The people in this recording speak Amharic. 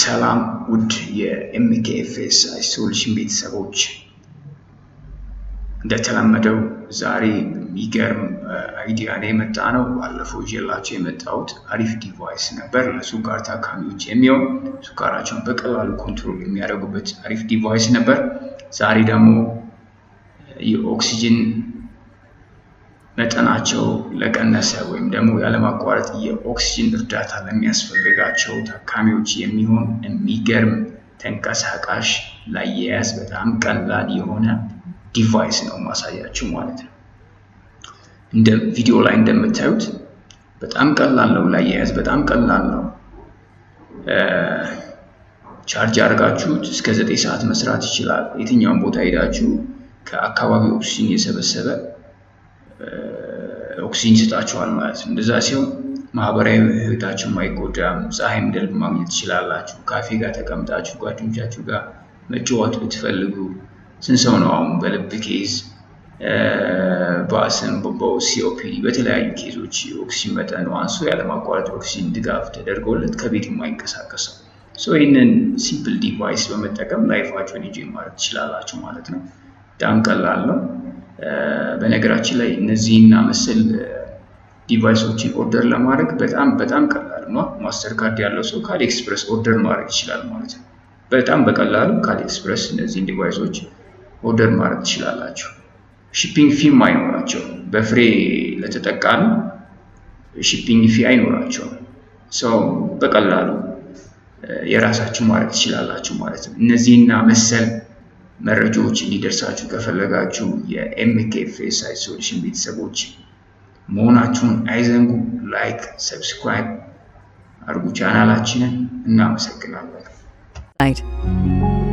ሰላም ውድ የኤምኬኤፍኤስ አይሶሌሽን ቤተሰቦች፣ እንደተለመደው ዛሬ የሚገርም አይዲያ ነው የመጣ ነው። ባለፈው ይዤላቸው የመጣሁት አሪፍ ዲቫይስ ነበር ለሱካር ታካሚዎች የሚሆን ሱካራቸውን በቀላሉ ኮንትሮል የሚያደርጉበት አሪፍ ዲቫይስ ነበር። ዛሬ ደግሞ የኦክሲጅን መጠናቸው ለቀነሰ ወይም ደግሞ ያለማቋረጥ የኦክሲጅን እርዳታ ለሚያስፈልጋቸው ታካሚዎች የሚሆን የሚገርም ተንቀሳቃሽ ለአያያዝ በጣም ቀላል የሆነ ዲቫይስ ነው ማሳያችሁ ማለት ነው። እንደ ቪዲዮ ላይ እንደምታዩት በጣም ቀላል ነው ላያያዝ፣ በጣም ቀላል ነው። ቻርጅ አድርጋችሁት እስከ ዘጠኝ ሰዓት መስራት ይችላል። የትኛውን ቦታ ሄዳችሁ ከአካባቢ ኦክሲጅን የሰበሰበ ኦክሲጅን ይሰጣችኋል ማለት ነው። እንደዛ ሲሆን ማህበራዊ ህይወታችሁም አይጎዳም። ፀሐይ ምድር ማግኘት ትችላላችሁ። ካፌ ጋር ተቀምጣችሁ ጓደኞቻችሁ ጋር መጫወት ብትፈልጉ ስንት ሰው ነው አሁን በልብ ኬዝ በአስም በሲኦፒዲ በተለያዩ ኬዞች ኦክሲጅን መጠን አንሶ ያለማቋረጥ ኦክሲጅን ድጋፍ ተደርጎለት ከቤት የማይንቀሳቀሰው ሰው ይህንን ሲምፕል ዲቫይስ በመጠቀም ላይፋችሁን ኢንጆይ ማድረግ ትችላላችሁ ማለት ነው። በጣም ቀላል ነው። በነገራችን ላይ እነዚህና መሰል ዲቫይሶችን ኦርደር ለማድረግ በጣም በጣም ቀላል ነው። ማስተር ካርድ ያለው ሰው ካል ኤክስፕረስ ኦርደር ማድረግ ይችላል ማለት ነው። በጣም በቀላሉ ካል ኤክስፕረስ እነዚህን ዲቫይሶች ኦርደር ማድረግ ትችላላችሁ። ሺፒንግ ፊም አይኖራቸው፣ በፍሬ ለተጠቃሚ ሺፒንግ ፊ አይኖራቸው። ሰው በቀላሉ የራሳችሁ ማድረግ ትችላላችሁ ማለት ነው። እነዚህና መሰል መረጃዎች እንዲደርሳችሁ ከፈለጋችሁ የኤምኬ ፌስ ቤተሰቦች መሆናችሁን አይዘንጉ። ላይክ፣ ሰብስክራይብ አድርጉ ቻናላችንን። እናመሰግናለን።